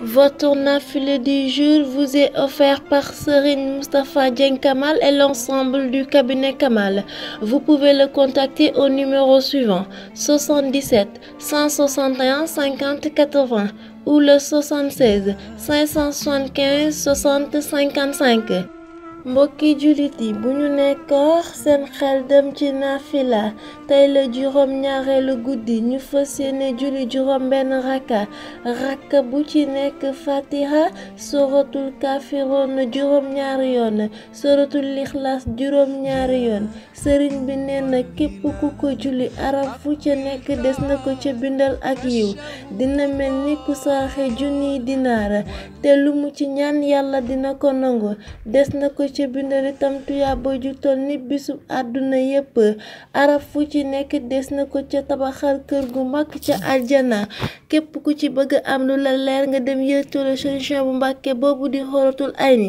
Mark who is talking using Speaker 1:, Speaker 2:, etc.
Speaker 1: Votre affilé du jour vous est offert par Serine Mustapha Djen Kamal et l'ensemble du cabinet Kamal. Vous pouvez le contacter au numéro suivant 77 161 50 80 ou le 76 575 60 55. mbokki jullit yi bu ñu nekk seen xel dem ci nafila tey la juróom ñaareelu guddi ñu fa yéene julli juróom benn rakka rakka bu ci nekk fatiha suratul kafiroon juróom ñaari yoon suratul ixlaas juróom ñaari yoon sëriñ bi nee na képp ku ko julli arab fu ca nekk des na ko ca bindal ak yiw dina mel ni ku junniy dinaara te lu mu ci ñaan yàlla dina ko nangu des na ko ca bindal itam tuyaaba ju toll ni bisub àdduna yépp araf fu ci nekk des na ko ca tabaxal kër gu mag ca aljana képp ku ci bëgg am lu la leer nga dem yërtule solution bu mbàkke boobu di xooratul ay ni